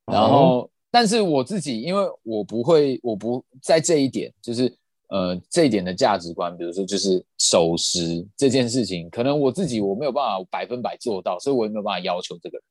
然後。哦但是我自己，因為我不會，我不在這一點，就是呃這一點的價值觀，比如說就是守時這件事情，可能我自己我沒有辦法百分百做到，所以我也沒有辦法要求這個人。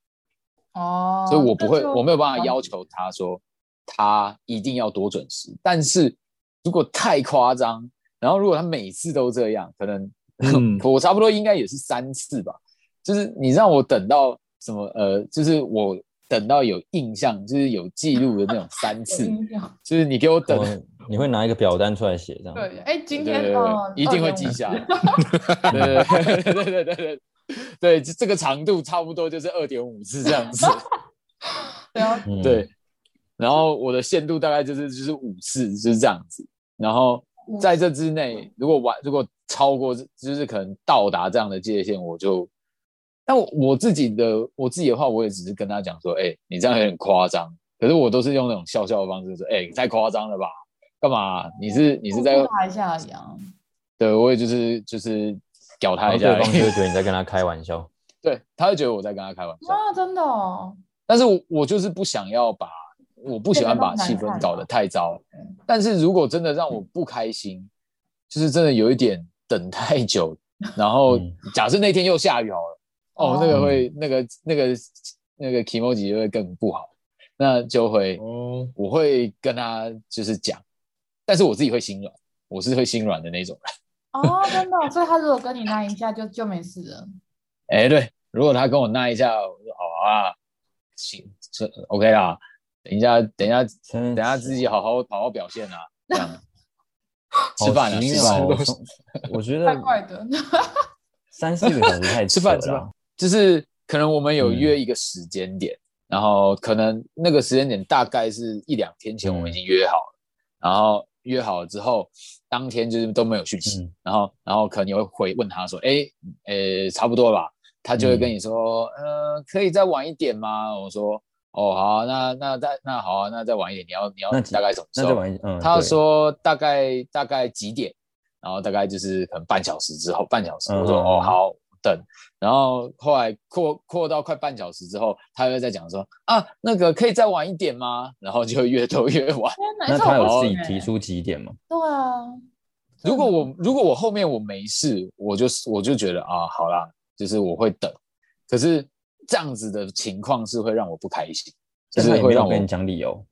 哦，所以我不會，我沒有辦法要求他說他一定要多準時。但是如果太誇張，然後如果他每次都這樣，可能、嗯、 *laughs* 我差不多應該也是三次吧，就是你讓我等到什麼呃，就是我。等到有印象，就是有記錄的那種三次。 *laughs* 就是你給我等。哦，你會拿一個表單出來寫這樣子。對，哎、欸，今天哦，一定會記下。 *laughs* 對對對對對對，這這個長度差不多就是二點五次這樣子。 *laughs* 對、啊，對，然後我的限度大概就是就是五次就是這樣子。然後在這之內，如果完如果超過，就是可能到達這樣的界限，我就那我自己的我自己的話，我也只是跟他講說，哎、欸，你這樣有點誇張。可是我都是用那種笑笑的方式說，哎、欸，你太誇張了吧？幹嘛？你是你是在誇、嗯、一下，對，我也就是就是表他一下，對方就覺得你在跟他開玩笑， *laughs* 對，他會覺得我在跟他開玩笑啊，真的哦。哦、嗯。但是我我就是不想要把我不喜歡把氣氛搞得太糟。但是如果真的讓我不開心、嗯，就是真的有一點等太久，然後假設那天又下雨好了。 *laughs* Oh, oh, 哦，那個會，嗯、那個那個那個 emoji 會更不好，那就會，oh, 我會跟他就是講，但是我自己會心軟，我是會心軟的那種人。哦、oh,，真的， *laughs* 所以他如果跟你耐一下就，就就沒事了。哎、欸，對，如果他跟我耐一下，我說好啊，行，這 OK 啦，等一下，等一下，等一下自己好好好好表現啊，這樣。 *laughs* 吃飯了，啊、吃了我, *laughs* 我覺得太怪的，哈哈哈哈哈，三四秒就太遲了。 *laughs* 吃就是可能我們有約一個時間點、嗯，然後可能那個時間點大概是一兩天前，我們已經約好了、嗯。然後約好了之後，當天就是都沒有訊息。嗯、然後，然後可能你會回問他說：“哎、嗯，呃，差不多吧。”他就會跟你說：“嗯、呃，可以再晚一點嗎？”我說：“哦，好、啊，那那再那好、啊，那再晚一點，你要你要大概什麼時候？那就晚一點。嗯”他說：“大概大概幾點、嗯？”然後大概就是可能半小時之後，半小時。我說：“嗯、哦，好。”等，然後後來擴擴到快半小時之後，他又在講說啊，那個可以再晚一點嗎？然後就越拖越晚。那他有自己提出幾點嗎？欸、對啊，如果我如果我後面我沒事，我就是我就覺得啊，好啦，就是我會等。可是這樣子的情況是會讓我不開心，就是會讓我跟你講理由、哦。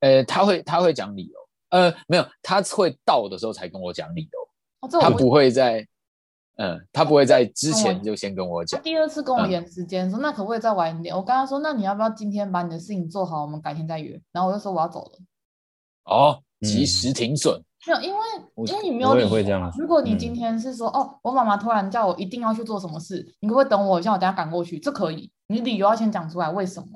呃，他會他會講理由。呃，沒有，他會到的時候才跟我講理由，哦、他不會在。嗯，他不會在之前就先跟我講。嗯、第二次跟我延時間、嗯、說，那可不可以再晚一點？我跟他說，那你要不要今天把你的事情做好，我們改天再約？然後我就說我要走了。哦，嗯、其實挺準。沒有，因為因為你沒有理。我我也會這樣，如果你今天是說，哦、嗯喔，我媽媽突然叫我一定要去做什麼事，你可不可以等我一下？我等下趕過去，這可以。你理由要先講出來，為什麼？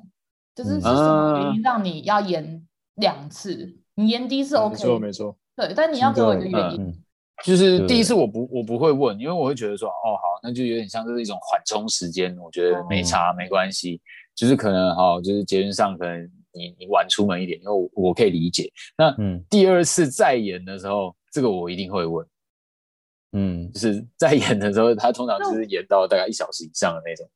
就是就是什麼原因讓你要延兩次？你延第一次是 OK、嗯嗯嗯嗯嗯。沒錯，沒錯。對，但你要給我一個原因。就是第一次我不對對對我不會問，因為我會覺得說哦好，那就有點像這是一種緩衝時間，我覺得沒差沒關係、嗯。就是可能哈、哦，就是結論上可能你你晚出門一點，因為我我可以理解。那嗯，第二次再演的時候、嗯，這個我一定會問。嗯，就是在演的時候，他通常就是演到大概一小時以上的那種、嗯。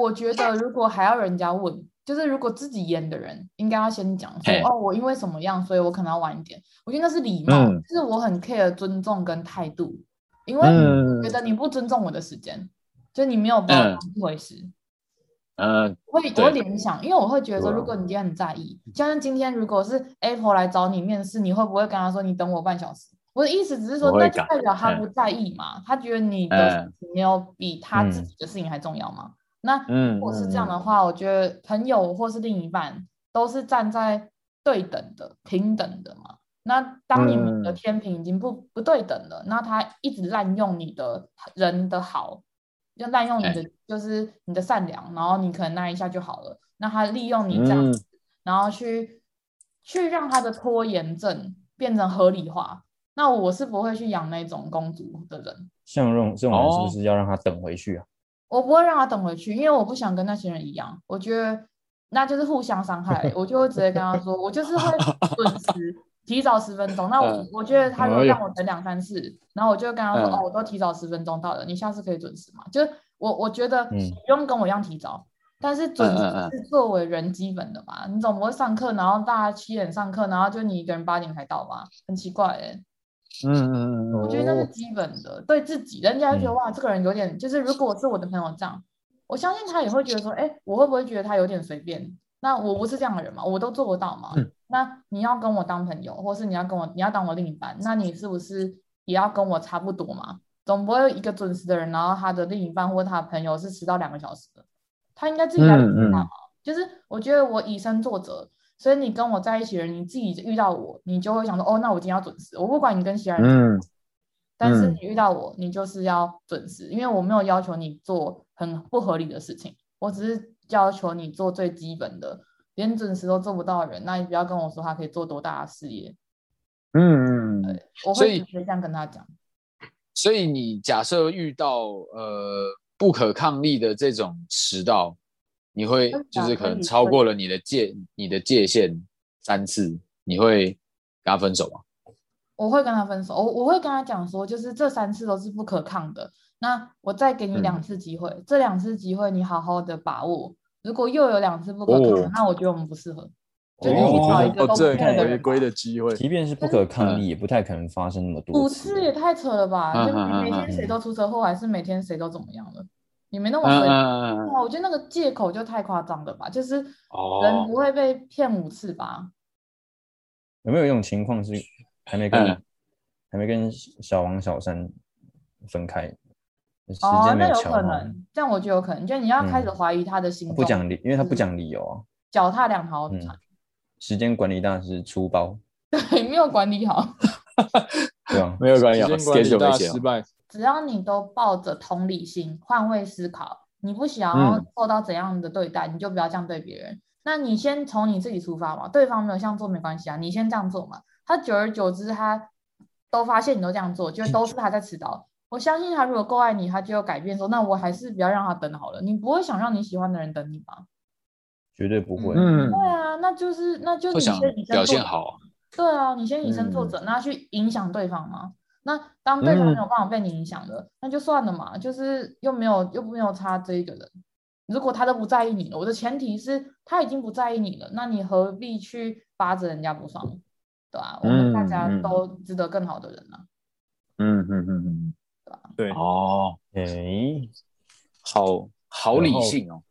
我覺得如果還要人家問。就是如果自己約的人，應該要先講說 hey, 哦，我因為什麼樣，所以我可能要晚一點。我覺得那是禮貌，嗯、就是我很 care 尊重跟態度，因為覺得你不尊重我的時間、嗯，就你沒有辦法不回時。呃、嗯，嗯、我會多聯想，因為我會覺得，如果你今天很在意，嗯、像今天如果是 Apple 來找你面試，你會不會跟他說你等我半小時？我的意思只是說，那就代表他不在意嘛、嗯？他覺得你的 email 比他自己的事情還重要嗎？嗯嗯那如果是這樣的話、嗯，我覺得朋友或是另一半都是站在對等的、平等的嘛。那當你們的天平已經不、嗯、不對等了，那他一直濫用你的人的好，就濫用你的就是你的善良、哎，然後你可能那一下就好了。那他利用你這樣子，、嗯，然後去去讓他的拖延症變成合理化。那我是不會去養那種公主的人。像這種這種人是不是要讓他等回去啊？哦我不會讓他等回去，因為我不想跟那些人一樣。我覺得那就是互相傷害， *laughs* 我就會直接跟他說，我就是會準時， *laughs* 提早十分鐘。那我、嗯、我覺得他如果讓我等兩三次、嗯，然後我就跟他說，嗯、哦，我都提早十分鐘到了，你下次可以準時嘛？就是我我覺得不用跟我一樣提早，嗯、但是準時是作為人基本的嘛、嗯嗯嗯，你總不會上課，然後大家七點上課，然後就你一個人八點才到吧？很奇怪哎、欸。嗯嗯嗯，我覺得那是基本的，對自己，人家就覺得哇，這個人有點，就是如果是我的朋友這樣，我相信他也會覺得說，哎、欸，我會不會覺得他有點隨便？那我不是這樣的人嘛，我都做不到嘛。 *noise* 那你要跟我當朋友，或是你要跟我，你要當我另一半，那你是不是也要跟我差不多嘛？總不會一個準時的人，然後他的另一半或他的朋友是遲到兩個小時的，他應該自己來補 *noise* 就是我覺得我以身作則。所以你跟我在一起的人，你自己遇到我，你就會想說：哦，那我今天要準時。我不管你跟其他人、嗯，但是你遇到我，你就是要準時。因為我沒有要求你做很不合理的事情，我只是要求你做最基本的，連準時都做不到的人，那你不要跟我說他可以做多大的事業。嗯嗯、呃，我會直接這樣跟他講。所以你假設遇到呃不可抗力的這種遲到。你會就是可能超過了你的界你的界限三次，你會跟他分手嗎？我會跟他分手，我我會跟他講說，就是這三次都是不可抗的。那我再給你兩次機會、嗯，這兩次機會你好好的把握。如果又有兩次不可抗，哦，那我覺得我們不適合。哇哦，就是，哦，這太回歸的機會，即便是不可抗力，也不太可能發生那麼多。五次也太扯了吧，嗯？就每天誰都出車禍，還、嗯、是每天誰都怎麼樣了？嗯也沒那麼水，啊啊，我覺得那個借口就太誇張了吧！啊，就是人不會被騙五次吧？有沒有一種情況是還沒跟，啊，還沒跟小王、小三分開，啊，時間沒有巧，哦，那有可能，這樣我就有可能，就你要開始懷疑他的心。嗯、不講理，因為他不講理由啊，腳踏兩條船。時間管理大師出包，對，沒有管理好。 *laughs* *laughs* 沒有關係、啊，失敗。 *laughs* 只要你都抱着同理心、換位思考，你不想要受到怎樣的對待、嗯，你就不要這樣對別人。那你先從你自己出發嘛，對方沒有這樣做沒關係啊，你先這樣做嘛。他久而久之，他都發現你都這樣做，就都是他在遲到。嗯、我相信他如果夠愛你，他就要改變說，那我還是不要讓他等好了。你不會想讓你喜歡的人等你吧？絕對不會。嗯，對啊，那就是那就你先我想表現好。對啊，你先以身作則，那、嗯、去影響對方嘛。那當對方沒有辦法被你影響了，嗯，那就算了嘛。就是又沒有又不沒有差這一個人，如果他都不在意你了，我的前提是他已經不在意你了，那你何必去巴着人家不放？對啊，嗯，我們大家都值得更好的人呢、啊。嗯嗯嗯嗯，嗯，對吧？對哦，哎、okay.，好好理性哦，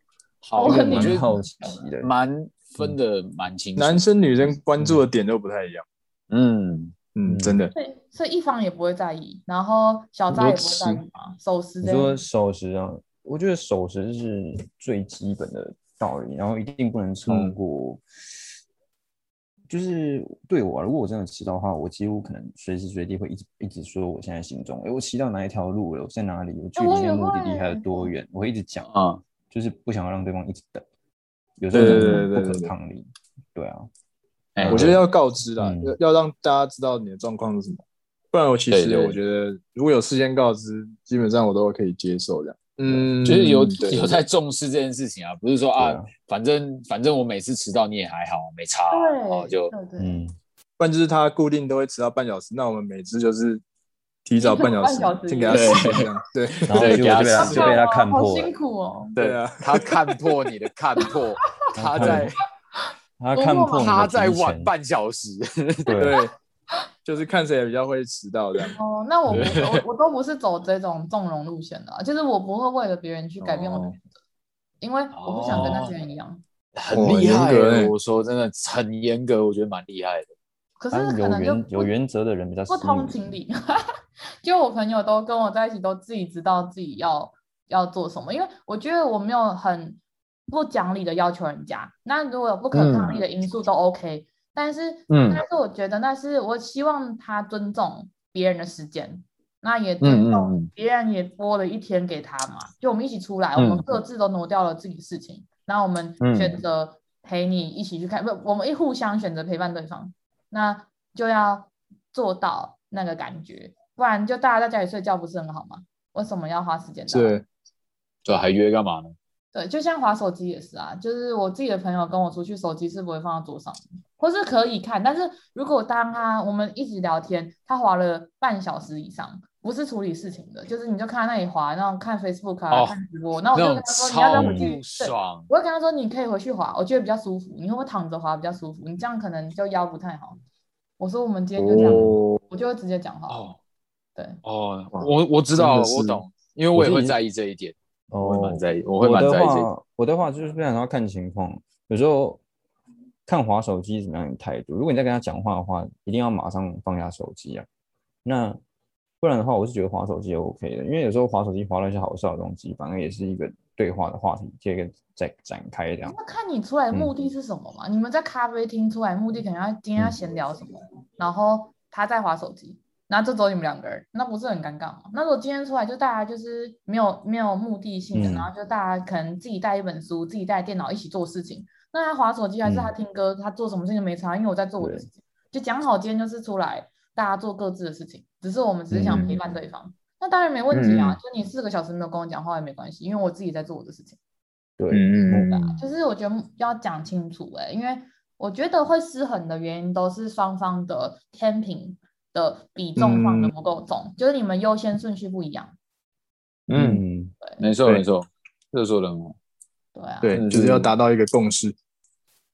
好理性、哦。很好奇的，蠻、嗯。分的蠻清楚的，男生女生關注的點都不太一樣。嗯嗯，嗯，真的。對，所以一方也不會在意，然後小張也不會在意嘛。守時，你說守時啊？我覺得守時是最基本的道理，然後一定不能超過、嗯。就是對我、啊，如果我真的遲到的話，我幾乎可能隨時隨地會一直一直說我現在行蹤。哎、欸，我騎到哪一條路了？我在哪裡？我距離目的地還有多遠、欸？我會一直講啊，就是不想要讓對方一直等。有時候真的不可抗力，對對對對對對對，對啊，我覺得要告知啦，要、嗯、要讓大家知道你的狀況是什麼，不然我其實對對我覺得如果有事先告知，基本上我都可以接受的。嗯，就是有對對對對有在重視這件事情啊，不是說啊，啊反正反正我每次遲到你也還好，沒差，對，就嗯，不然就是他固定都會遲到半小時，那我們每次就是。提早半小時，先 *laughs* 給他寫。對，然後就，給他 *laughs* 他就被他看破好辛苦哦，對啊， *laughs* 他看破你的看破，他在 *laughs* 他看破，他在晚半小時， *laughs* 對，對，就是看誰比較會遲到這樣。哦、呃，那我我我都不是走這種縱容路線的、啊，就是我不會為了別人去改變我自己的、哦，因為我不想跟他這樣一樣。哦、很嚴、欸哦、格、欸，我說真的，很嚴格，我覺得蠻厲害的。可是可能有、啊、有原則的人比較不通情理， *laughs* 就我朋友都跟我在一起，都自己知道自己要要做什麼。因為我覺得我沒有很不講理的要求人家。那如果有不可抗力的因素都 OK，、嗯、但是、嗯、但是我覺得那是我希望他尊重別人的時間，那也尊重別人也播了一天給他嘛、嗯嗯。就我們一起出來，我們各自都挪掉了自己事情，那、嗯、我們選擇陪你一起去看、嗯，不，我們一互相選擇陪伴對方。那就要做到那個感覺，不然就大家在家裡睡覺不是很好嗎？為什麼要花時間？對，這還約幹嘛呢？對，就像滑手機也是啊，就是我自己的朋友跟我出去，手機是不會放到桌上的我是可以看，但是如果當他、啊、我們一直聊天，他滑了半小時以上，不是處理事情的，就是你就看那裡滑，然後看 Facebook，、啊哦、看直播，那我就跟他說你要不要回去？我會跟他說你可以回去滑，我覺得比較舒服，你會不會躺着滑比較舒服？你這樣可能就腰不太好。我說我們今天就這樣，哦、我就會直接講哦，對哦，我我知道，我懂，因為我也會在意這一點。哦，我很在意，我會蠻在意我這一點。我的話就是非常要看情況，有時候。看滑手機什麼樣的態度，如果你在跟他講話的話，一定要馬上放下手機啊。那不然的話，我是覺得滑手機也 OK 的，因為有時候滑手機滑了一些好笑的東西，反正也是一個對話的話題，這個再展開這樣。那看你出來的目的是什麼嘛、嗯？你們在咖啡廳出來目的可能要今天要閒聊什麼、嗯，然後他在滑手機，那就走你們兩個人，那不是很尷尬嗎？那如果今天出來就大家就是沒有沒有目的性的、嗯，然後就大家可能自己帶一本書，自己帶電腦一起做事情。那他劃手機還是他聽歌、嗯，他做什麼事情沒差，因為我在做我的事情。就講好，今天就是出來大家做各自的事情，只是我們只是想陪伴對方。嗯、那當然沒問題啊，嗯、就你四個小時沒有跟我講話也沒關係，因為我自己在做我的事情。對、嗯對啊，就是我覺得要講清楚哎、欸，因為我覺得會失衡的原因都是雙方的天平的比重放的不夠重、嗯，就是你們優先順序不一樣。嗯，嗯對，沒錯沒錯，熱搜人物、哦。對啊，對，就是要達到一個共識。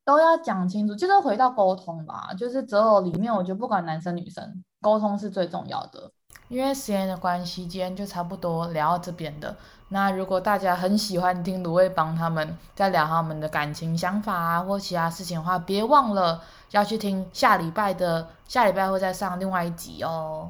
都要講清楚，就是回到溝通吧，就是擇偶裡面，我覺得不管男生女生，溝通是最重要的。因為時間的關係，今天就差不多聊到這邊的。那如果大家很喜歡聽魯味幫他們在聊他們的感情想法啊，或其他事情的話，別忘了要去聽下禮拜的，下禮拜會再上另外一集哦。